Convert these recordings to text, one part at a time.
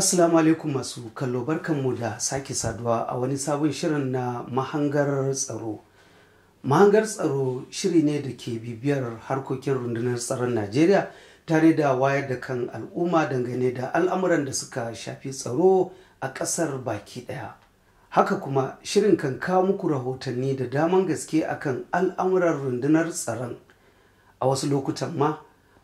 Assalamu alaikum masu kallo barkanmu da sake saduwa a wani sabon shirin na mahangar tsaro. Mahangar tsaro shiri ne da ke bibiyar harkokin rundunar tsaron Najeriya tare da wayar da kan al'umma dangane da al'amuran da suka shafi tsaro a ƙasar baki ɗaya. Haka kuma shirin kan kawo muku rahotanni da daman gaske akan al'amuran rundunar tsaron. A wasu lokutan ma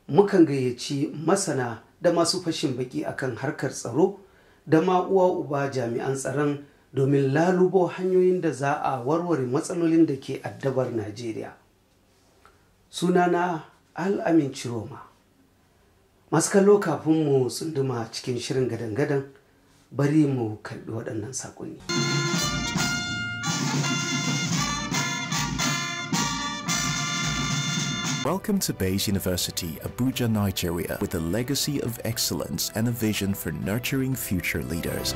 mukan gayyaci masana da masu fashin baki akan harkar tsaro da ma uwa uba jami'an tsaron domin lalubo hanyoyin da za a warware matsalolin da ke addabar najeriya sunana al'amin ciroma masu kallo kafin mu tsunduma cikin shirin gadan-gadan bari mu karɓi waɗannan saƙonni. Welcome to Bayes University, Abuja, Nigeria, with a legacy of excellence and a vision for nurturing future leaders.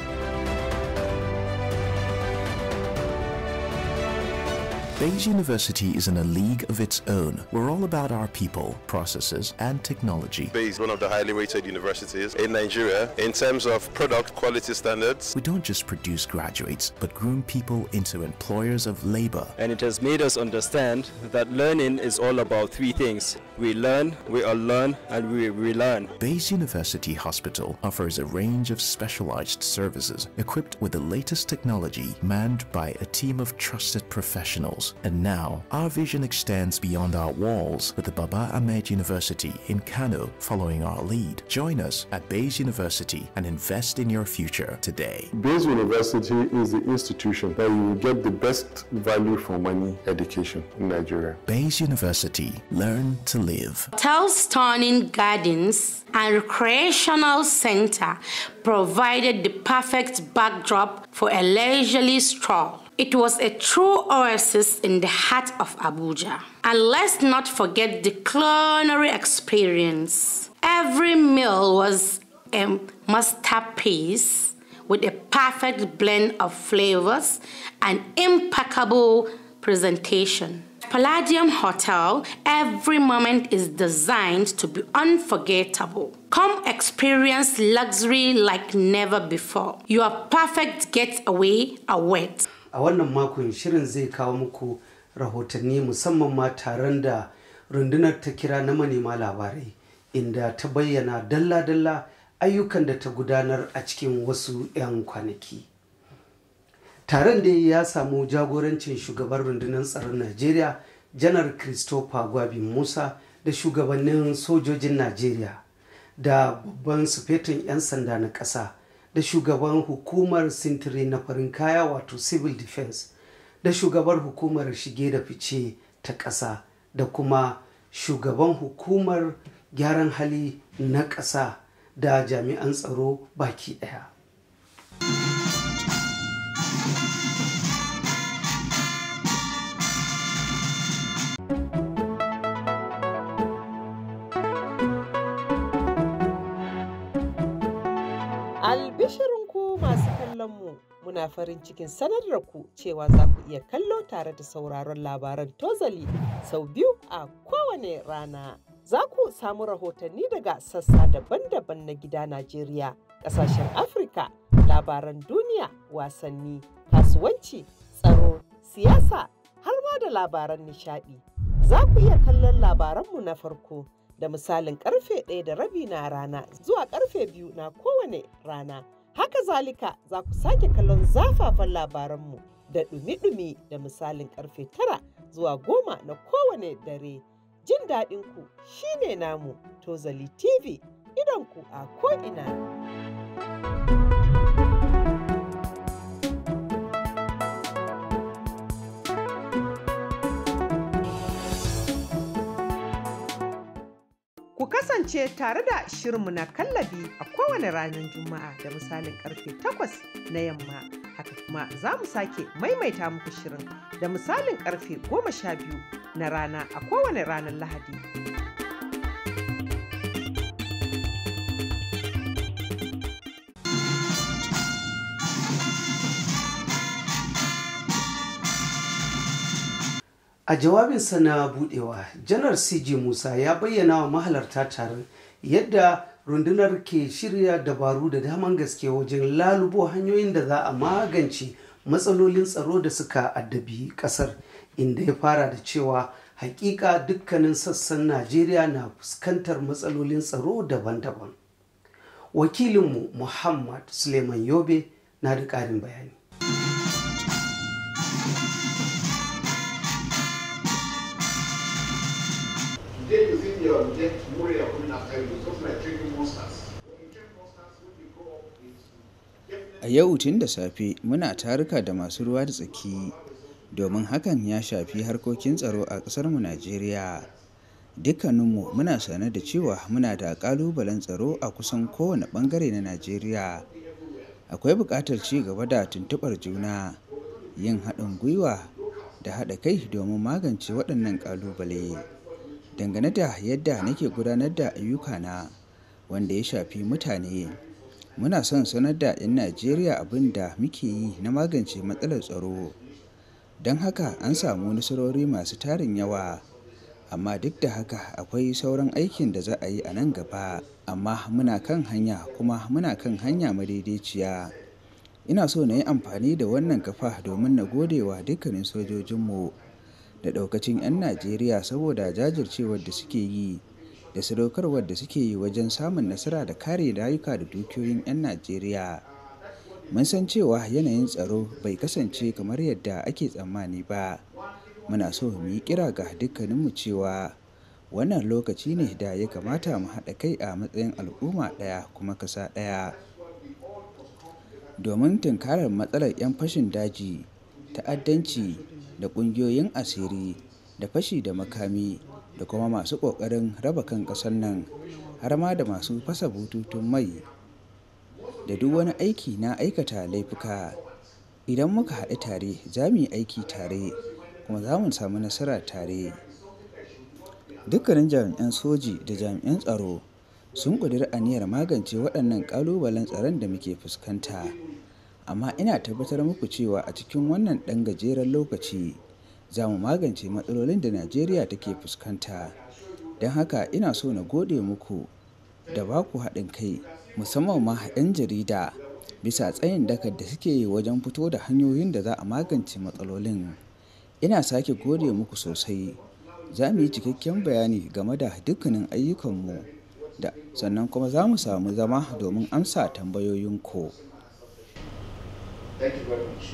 Bayes University is in a league of its own. We're all about our people, processes, and technology. Bayes is one of the highly rated universities in Nigeria in terms of product quality standards. We don't just produce graduates, but groom people into employers of labor. And it has made us understand that learning is all about three things. We learn, we unlearn, and we relearn. Bayes University Hospital offers a range of specialized services equipped with the latest technology manned by a team of trusted professionals and now, our vision extends beyond our walls with the Baba Ahmed University in Kano following our lead. Join us at Bayes University and invest in your future today. Bayes University is the institution that you will get the best value for money education in Nigeria. Bayes University, learn to live. Tell's stunning Gardens and Recreational Center provided the perfect backdrop for a leisurely stroll. It was a true oasis in the heart of Abuja. And let's not forget the culinary experience. Every meal was a masterpiece with a perfect blend of flavors and impeccable presentation. Palladium Hotel, every moment is designed to be unforgettable. Come experience luxury like never before. Your perfect getaway awaits. a wannan makon shirin zai kawo muku rahotanni musamman ma taron da rundunar ta kira na manema labarai inda ta bayyana dalla-dalla ayyukan da ta gudanar a cikin wasu 'yan kwanaki taron da ya samu jagorancin shugaban rundunar tsaron najeriya janar christopher gwabi musa da shugabannin sojojin najeriya da babban sufetin 'yan sanda na ƙasa da shugaban hukumar sintiri na farin kaya wato civil defense da shugabar hukumar shige da fice ta ƙasa da kuma shugaban hukumar gyaran hali na ƙasa da jami'an tsaro baki ɗaya mu muna farin cikin sanar da ku cewa za ku iya kallo tare da sauraron labaran tozali sau biyu a kowane rana. Za ku samu rahotanni daga sassa daban-daban na gida Najeriya, ƙasashen Afirka, labaran duniya, wasanni, kasuwanci, tsaro, siyasa, har ma da labaran nishaɗi. Za ku iya kallon labaranmu na farko. da misalin karfe ɗaya da rabi na rana zuwa karfe biyu na kowane rana Haka zalika za ku sake kallon zafafan labaranmu da ɗumi-ɗumi da misalin ƙarfe tara zuwa goma na kowane dare. Jin daɗinku ne namu, Tozali TV, idonku a ko'ina. kasance tare da shirinmu na kallabi a kowane ranar Juma'a da misalin karfe 8 na yamma. Haka kuma za mu sake maimaita muku shirin da misalin karfe 12 na rana a kowane ranar Lahadi. a jawabinsa na budewa janar C.G. musa ya bayyana wa mahalarta taron yadda rundunar ke shirya dabaru da daman gaske wajen lalubo hanyoyin da za a magance matsalolin tsaro da suka addabi kasar inda ya fara da cewa hakika dukkanin sassan najeriya na fuskantar matsalolin tsaro daban-daban wakilinmu muhammad suleiman yobe na da ƙarin bayani your are coming after you, just like monsters. A yau tun da safe muna taruka da masu ruwa da tsaki domin hakan ya shafi harkokin tsaro a ƙasarmu Najeriya. Dukkaninmu muna sane da cewa muna da ƙalubalen tsaro a kusan kowane ɓangare na Najeriya. Akwai buƙatar ci gaba da tuntuɓar juna, yin haɗin gwiwa da haɗa kai domin magance waɗannan ƙalubale. dangane da yadda nake gudanar da ayyukana wanda ya shafi mutane. Muna son sanar da 'yan Najeriya abin da muke yi na magance matsalar tsaro. Don haka an samu nasarori masu tarin yawa. Amma duk da haka akwai sauran aikin da za a yi a nan gaba. Amma muna kan hanya kuma muna kan hanya madaidaiciya. Ina so na yi amfani da wannan kafa domin na gode wa dukkanin sojojinmu. da ɗaukacin 'yan Najeriya saboda jajircewar da suke yi da sadaukarwar da suke yi wajen samun nasara da kare rayuka da dukiyoyin 'yan Najeriya. Mun san cewa yanayin tsaro bai kasance kamar yadda ake tsammani ba. Muna so mu yi kira ga dukkaninmu cewa wannan lokaci ne da ya kamata mu haɗa kai a matsayin al'umma ɗaya kuma ƙasa ɗaya domin tunkarar matsalar 'yan fashin daji, ta'addanci da ƙungiyoyin asiri da fashi da makami da kuma masu ƙoƙarin raba kan ƙasar nan har ma da masu fasa bututun mai da duk wani aiki na aikata laifuka idan muka haɗu tare za mu yi aiki tare kuma za mu samu nasara tare dukkanin jami'an soji da jami'an tsaro sun ƙudiri aniyar magance waɗannan ƙalubalen tsaron da muke fuskanta amma ina tabbatar muku cewa a cikin wannan ɗan gajeren lokaci za mu magance matsalolin da Najeriya take fuskanta. Don haka ina so na gode muku da ba ku haɗin kai musamman ma 'yan jarida bisa tsayin dakar da suke yi wajen fito da hanyoyin da za a magance matsalolin. Ina sake gode muku sosai. Za mu yi cikakken bayani game da dukkanin ayyukanmu da sannan kuma za mu samu zama domin amsa tambayoyinku. Thank you very much.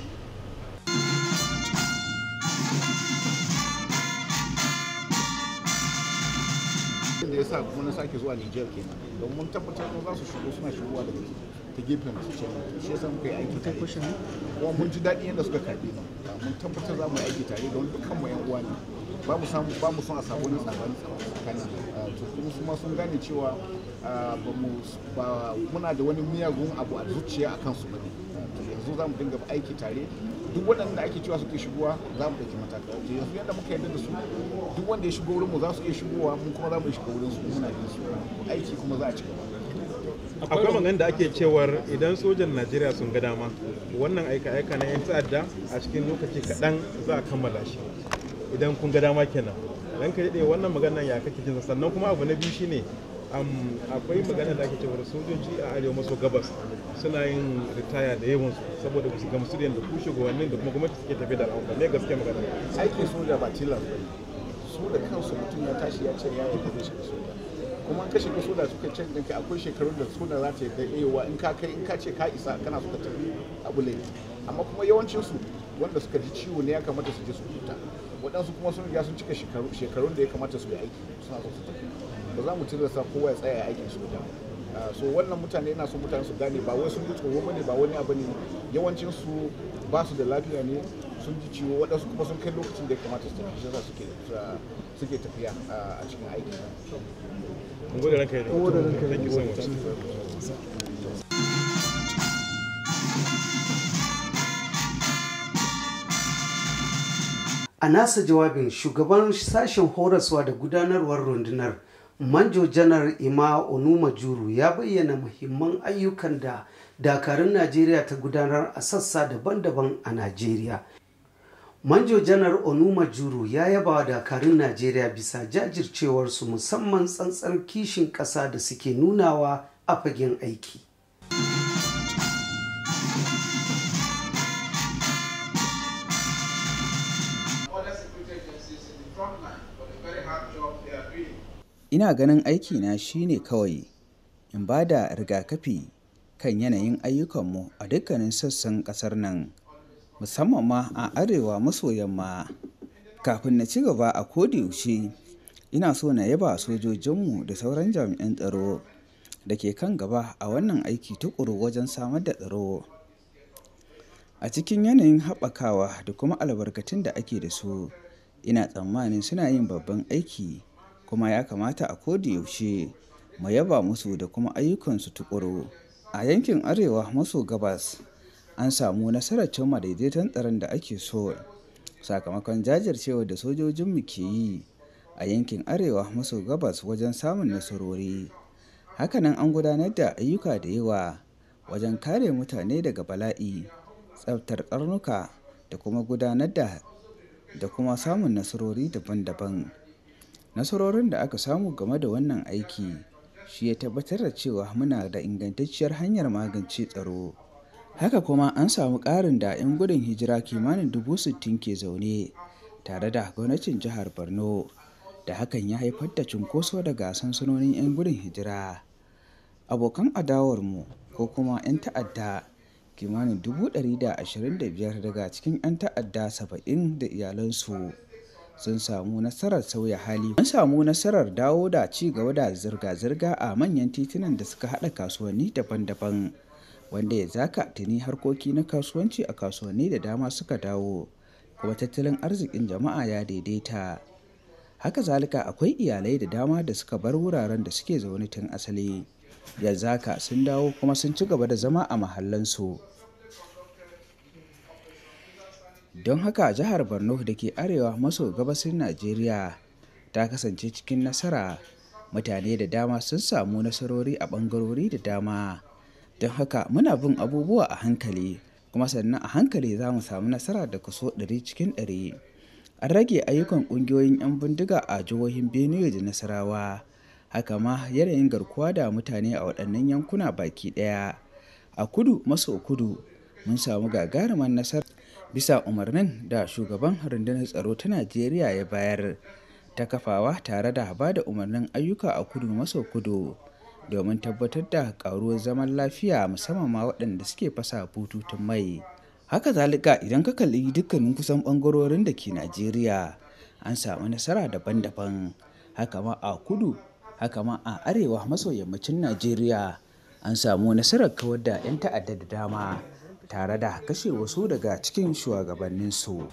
da ya sa kuma sake mun tabbatar da za su aiki tare kuma mun suka karɓe mu mun aiki tare don dukkan mu yan uwa ne ba mu son a samu tsakanin ah, tsakanin su ma sun gane cewa ah, ba muna da wani miyagun abu a zuciya akan su bane yanzu za mu dinga aiki tare duk waɗanda ake cewa suke shigowa za mu ɗauki matakai yanzu yadda muka yadda da su duk wanda ya shigo wurin mu za su iya shigowa mun kuma za mu shiga wurin su muna yin su aiki kuma za a ci gaba akwai maganin da ake cewar idan sojan najeriya sun ga dama wannan aika-aika na 'yan ta'adda a cikin lokaci kaɗan za a kammala shi idan kun ga dama kenan dan ka daɗe wannan maganar ya kake jinsa sannan kuma abu na biyu shine akwai magana da ake cewar sojoji a arewa maso gabas suna yin ritaya da yawan su saboda su gamsu da yadda kushe gwanin da kuma gwamnati suke tafi da al'amura Ne gaske magana aikin soja ba tilas ba su da kansu mutum ya tashi ya ce ya yi da shiga soja kuma an kashe soja suka ce ɗinka akwai shekarun da soja za ta yi daɗewa in ka kai in ka ce ka isa kana suka tafi abu laifi amma kuma yawancinsu wanda suka ji ciwo ne ya kamata su je su huta waɗansu kuma sun riga sun cika shekarun da ya kamata su yi aiki suna so su tafi ba za mu tilasta kowa ya tsaya aikin soja ah, so wannan mutane yana so mutane su gane ba wai sun ji tsoro bane ba wani abu ne yawancin su ba su da lafiya ne sun ji ciwo waɗansu kuma sun kai lokacin da ya kamata su tafi shi suke ah, suke tafiya ah, a cikin aiki A nasa jawabin shugaban sashen horaswa da gudanarwar rundunar manjo janar ima onuma juru ya bayyana muhimman ayyukan da dakarun najeriya ta gudanar a sassa daban-daban a najeriya manjo janar onuma juru ya yaba wa dakarun najeriya bisa jajircewarsu musamman tsantsar kishin ƙasa da suke nunawa a fagen aiki Ina ganin aikina shi ne kawai in ba da rigakafi kan yanayin ayyukanmu a dukkanin sassan ƙasar nan, musamman ma a arewa maso yamma. Kafin na ci gaba a kodayaushe, ina so na yaba sojojinmu da sauran jami'an tsaro da ke kan gaba a wannan aiki tuƙuru wajen samar da tsaro. A cikin yanayin haɓakawa da kuma albarkatun da ake da su, ina tsammanin suna yin babban aiki. kuma ya kamata a yaushe mu yaba musu da kuma ayyukansu tukuru. A yankin Arewa maso gabas an samu nasarar cimma daidaiton tsaron da ake so sakamakon jajircewa da sojojinmu ke yi a yankin Arewa maso gabas wajen samun nasarori. Hakanan an gudanar da ayyuka da yawa wajen kare mutane daga bala'i, tsaftar tsarnuka da kuma gudanar da kuma samun nasarori daban-daban. nasarorin da aka samu game da wannan aiki shi ya tabbatar da cewa muna da ingantacciyar hanyar magance tsaro haka kuma an samu ƙarin da 'yan gudun hijira kimanin dubu sittin ke zaune tare da gwamnatin jihar borno da hakan ya haifar da cunkoso daga sansanonin 'yan gudun hijira abokan adawarmu ko kuma 'yan ta'adda kimanin dubu da da ashirin biyar daga cikin 'yan ta'adda saba'in da iyalansu sun samu nasarar sauya hali an samu nasarar dawo da ci gaba da zirga-zirga a manyan titunan da suka hada kasuwanni daban-daban wanda ya zaka tuni harkoki na kasuwanci a kasuwanni da dama suka dawo kuma tattalin arzikin jama'a ya daidaita haka zalika akwai iyalai da dama da suka bar wuraren da suke zaune tun asali yanzu haka sun dawo kuma sun ci gaba da zama a mahallansu don haka jihar borno da ke arewa maso gabasin najeriya ta kasance cikin nasara mutane da dama sun samu nasarori a ɓangarori da dama don haka muna bin abubuwa a hankali kuma sannan a hankali za mu samu nasara da kaso 100 cikin 100 an rage ayyukan ƙungiyoyin 'yan bindiga a jihohin benue da nasarawa haka ma yanayin garkuwa da mutane a waɗannan yankuna baki ɗaya a kudu maso kudu mun samu gagarumar nasara bisa umarnin da shugaban rundunar tsaro ta najeriya ya bayar ta kafawa tare da ba da umarnin ayyuka a kudu maso kudu domin tabbatar da karuwar zaman lafiya musamman ma waɗanda suke fasa bututun mai haka zalika idan ka kalli dukkanin kusan ɓangarorin da ke najeriya an samu nasara daban-daban haka ma a kudu haka ma a arewa maso yammacin najeriya an samu nasarar kawar da 'yan ta'adda da dama tare da kashe wasu daga cikin shugabanninsu.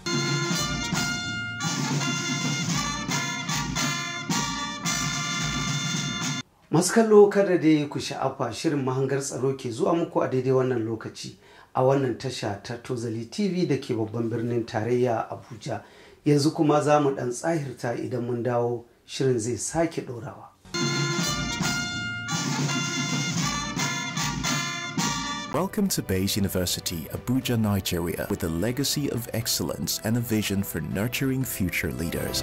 masu kallo kada dai ku sha'afa shirin mahangar tsaro ke zuwa muku a daidai wannan lokaci a wannan tasha ta tozali tv da ke babban birnin tarayya abuja yanzu kuma za mu ɗan tsahirta idan mun dawo shirin zai sake ɗorawa Welcome to Bayes University, Abuja, Nigeria, with a legacy of excellence and a vision for nurturing future leaders.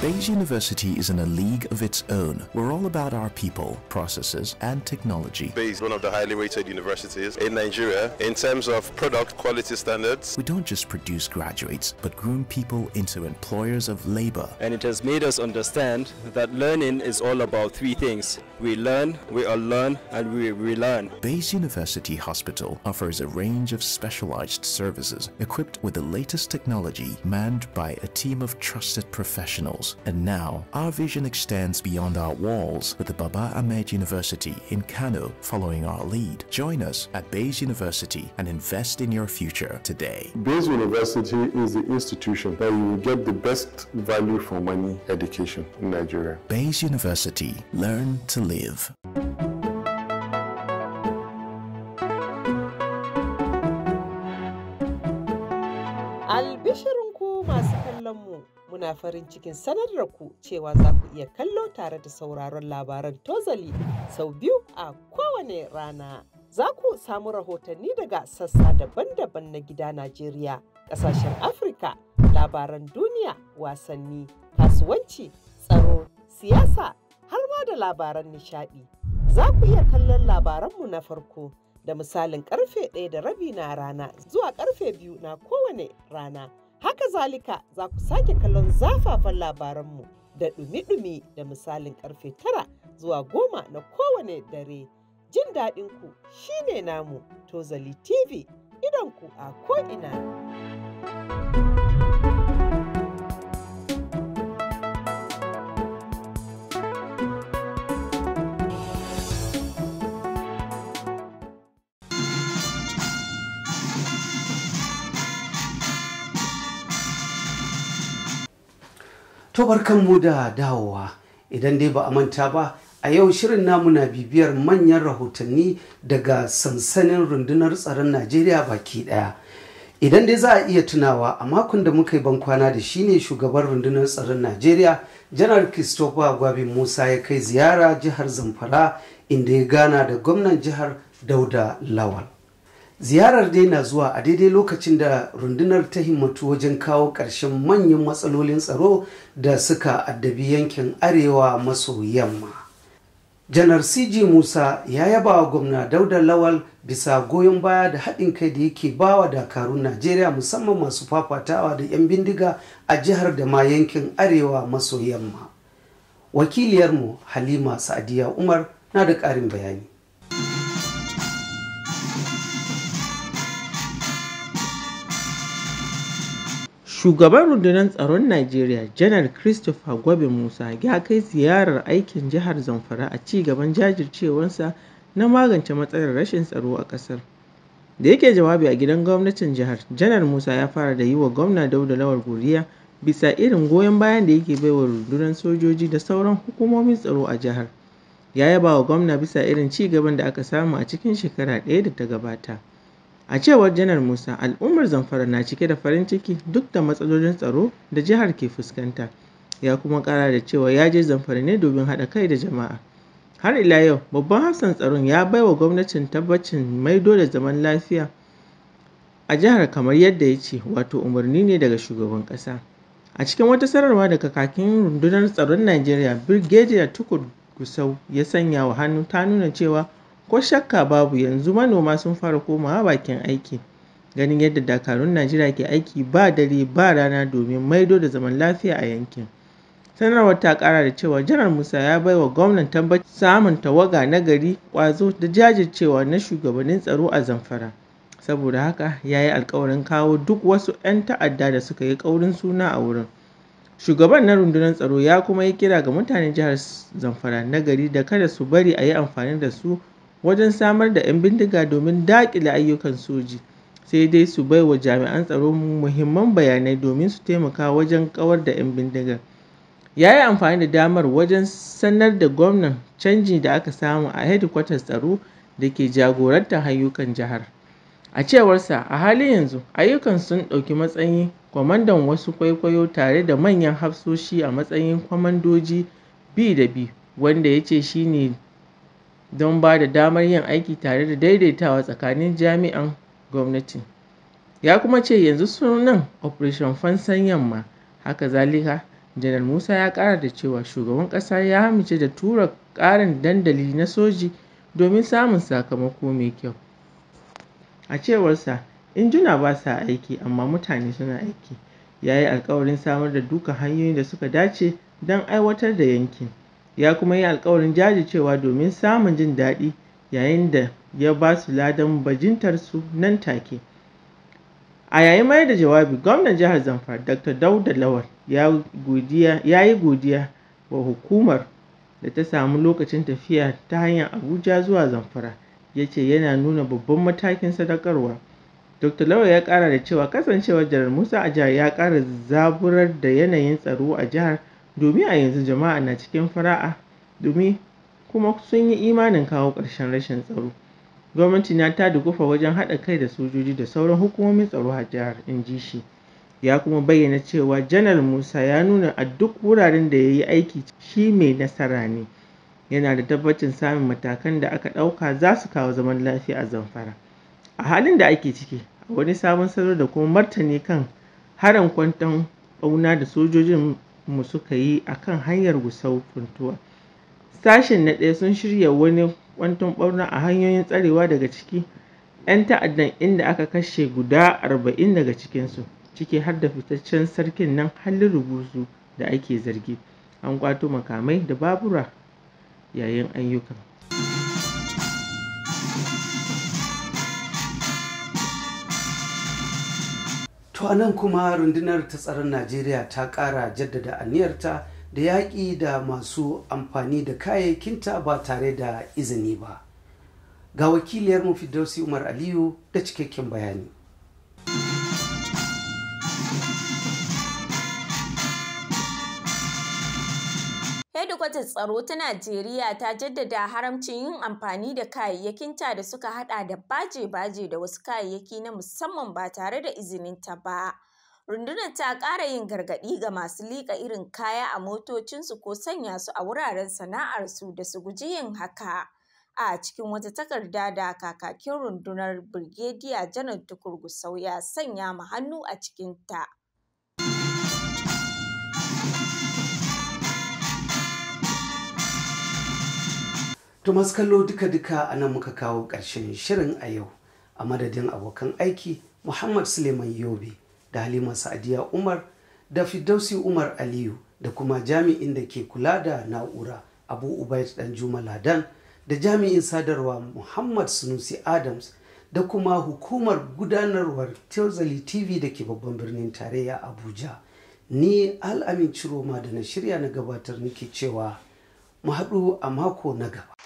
Bayes University is in a league of its own. We're all about our people, processes, and technology. Bayes is one of the highly rated universities in Nigeria in terms of product quality standards. We don't just produce graduates, but groom people into employers of labor. And it has made us understand that learning is all about three things. We learn, we unlearn, and we relearn. Bayes University Hospital offers a range of specialized services equipped with the latest technology manned by a team of trusted professionals and now our vision extends beyond our walls with the Baba Ahmed University in Kano following our lead. Join us at Bayes University and invest in your future today. Bayes University is the institution where you will get the best value for money education in Nigeria. Bayes University, learn to live. muna farin cikin sanar da ku cewa za ku iya kallo tare da sauraron labaran tozali sau biyu a kowane rana. Za ku samu rahotanni daga sassa daban-daban na gida Najeriya, ƙasashen Afirka, labaran duniya, wasanni, kasuwanci, tsaro, siyasa, har ma da labaran nishaɗi. Za ku iya kallon labaranmu na farko da misalin karfe ɗaya da rabi na rana zuwa karfe biyu na kowane rana. Haka zalika za ku sake kallon zafafan labaranmu da ɗumi-ɗumi da misalin ƙarfe tara zuwa goma na kowane dare. Jin daɗinku shine namu Tozali TV idonku a ko'ina. To kanmu da dawowa idan dai ba a manta ba a yau shirin namuna bibiyar manyan rahotanni daga sansanin rundunar tsaron Najeriya baki ɗaya. Idan dai za a iya tunawa a makon da muka yi bankwana da shi ne shugaban rundunar tsaron Najeriya janar Christopher Gwabin Musa ya kai ziyara jihar Zamfara inda ya gana da gwamnan jihar Dauda Lawal. ziyarar dai na zuwa a daidai lokacin da rundunar ta himmatu wajen kawo ƙarshen manyan matsalolin tsaro da suka addabi yankin arewa maso yamma janar cg musa ya yaba wa gwamna dauda lawal bisa goyon baya da haɗin kai da yake bawa dakarun najeriya musamman masu fafatawa da 'yan bindiga a jihar da ma yankin arewa maso yamma wakiliyarmu halima Sadiya umar na da ƙarin bayani Shugaban Rundunar Tsaron Najeriya, Janar Christopher Gwebe Musa, ya kai ziyarar aikin jihar Zamfara a ci gaban jajircewarsa na magance matsalar rashin tsaro a ƙasar. Da yake jawabi a gidan gwamnatin jihar, Janar Musa ya fara da yi wa Gwamna Dauda Lawal godiya bisa irin goyon bayan da yake baiwa rundunar sojoji da sauran hukumomin tsaro a jihar. Ya yaba wa gwamna bisa irin ci gaban da aka samu a cikin shekara ɗaya da ta gabata. A cewar Janar Musa, al'ummar Zamfara na cike da farin ciki duk da matsalolin tsaro da jihar ke fuskanta, ya kuma ƙara da cewa ya je Zamfara ne domin haɗa kai da jama'a. Har ila yau, Babban Hafsan Tsaron ya bai wa gwamnatin tabbacin maido da zaman lafiya a jihar kamar yadda ya ce, wato umarni ne daga Shugaban ƙasa. A cikin wata sanarwa daga kakin Rundunar Tsaron Najeriya, Birgediya Tukur Gusau ya sanya wa hannu ta nuna cewa Ko shakka babu yanzu manoma sun fara komawa bakin aiki, ganin yadda dakarun Najeriya ke aiki ba dare ba rana domin maido da zaman lafiya a yankin. Sanarwar ta kara da cewa Janar Musa ya bai wa gwamnan tabbaci samun tawaga na gari, kwazo da jajircewa na shugabannin tsaro a Zamfara, saboda haka ya yi alkawarin kawo duk wasu ‘yan ta'adda da suka yi ƙaurin suna a wurin. Shugaban na rundunar tsaro ya kuma yi kira ga mutanen jihar Zamfara na gari da kada su bari a yi amfani da su wajen samar da ‘yan bindiga domin daƙile ayyukan soji, sai dai su bai wa jami'an tsaro muhimman bayanai domin su taimaka wajen kawar da ‘yan bindigar. Ya yi amfani da damar wajen sanar da gwamnan canji da aka samu a hedikwatar tsaro da ke jagorantar ayyukan jihar. A cewarsa, a halin yanzu, ayyukan sun ɗauki matsayin kwamandan wasu kwaikwayo tare da manyan hafsoshi a matsayin kwamandoji bi da bi, wanda ya ce shi ne don ba da damar yin aiki tare da daidaitawa tsakanin jami'an gwamnati. Ya kuma ce yanzu sunan “Operation Fansan Yamma.” Haka zalika, Janar Musa ya ƙara da cewa shugaban ƙasa ya amince da tura ƙarin dandali na soji domin samun sakamako mai kyau. A cewarsa, “injuna ba sa aiki amma mutane suna aiki.” Ya yi alkawarin samar da duka hanyoyin da suka dace don aiwatar da yankin. ya kuma yi alkawarin jajircewa domin samun jin daɗi yayin da ya ba su ladan bajintarsu nan take. A yayin mayar da jawabi, gwamnan jihar Zamfara Dr. Dauda Lawal ya yi godiya wa hukumar da ta samu lokacin tafiya ta hanyar Abuja zuwa Zamfara, ya ce yana nuna babban matakin sadakarwa. Dr. Lawal ya ƙara da cewa kasancewar Jarar Musa a jihar ya ƙara zaburar da yanayin tsaro a jihar Domin a yanzu jama'a na cikin fara'a domin kuma sun yi imanin kawo ƙarshen rashin tsaro, gwamnati na ta dugufa wajen haɗa kai da sojoji da sauran hukumomin tsaro a jihar,” inji shi, ya kuma bayyana cewa Janar Musa ya nuna a duk wuraren da ya yi aiki shi mai nasara ne, yana da tabbacin samun matakan da aka ɗauka za su kawo zaman lafiya a Zamfara. A halin da ake ciki, a wani sabon salo da kuma martani kan harin kwanton ɓauna da sojojin mu suka yi a kan hanyar Gusau Sashen na ɗaya sun shirya wani kwanton ɓauna a hanyoyin tsarewa daga ciki 'yan ta'addan inda aka kashe guda arba'in daga cikinsu ciki har da fitaccen sarkin nan halin rubutu da ake zargi. An ƙwato makamai da babura yayin ayyukan. to a kuma rundunar ta tsaron najeriya ta ƙara jaddada aniyarta da yaƙi da masu amfani da kayayyakinta ba tare da izini ba ga wakiliyar mu Umar Aliyu da cikakken bayani. Majalisar Tsaro ta Najeriya ta jaddada haramcin yin amfani da kayayyakinta da suka haɗa da baje-baje da wasu kayayyaki na musamman ba tare da izininta ba. Rundunar ta ƙara yin gargaɗi ga masu liƙa irin kaya a motocinsu ko sanya su a wuraren sana'arsu da su guji yin haka. A cikin wata takarda da kakakin rundunar Birgediya Janar Tukur Gusau ya sanya mu hannu a cikinta. To masu kallo duka-duka a nan muka kawo ƙarshen shirin a yau a madadin abokan aiki Muhammad Suleiman Yobe da Halima Sa'adiya Umar da Fidausi Umar Aliyu da kuma jami'in da ke kula da na'ura Abu Ubaid Danjuma Ladan da jami'in sadarwa Muhammad Sunusi Adams da kuma hukumar gudanarwar Tozali TV da ke babban birnin tarayya Abuja. Ni Al'amin Ciroma da na shirya na gabatar nake cewa mu haɗu a mako na gaba.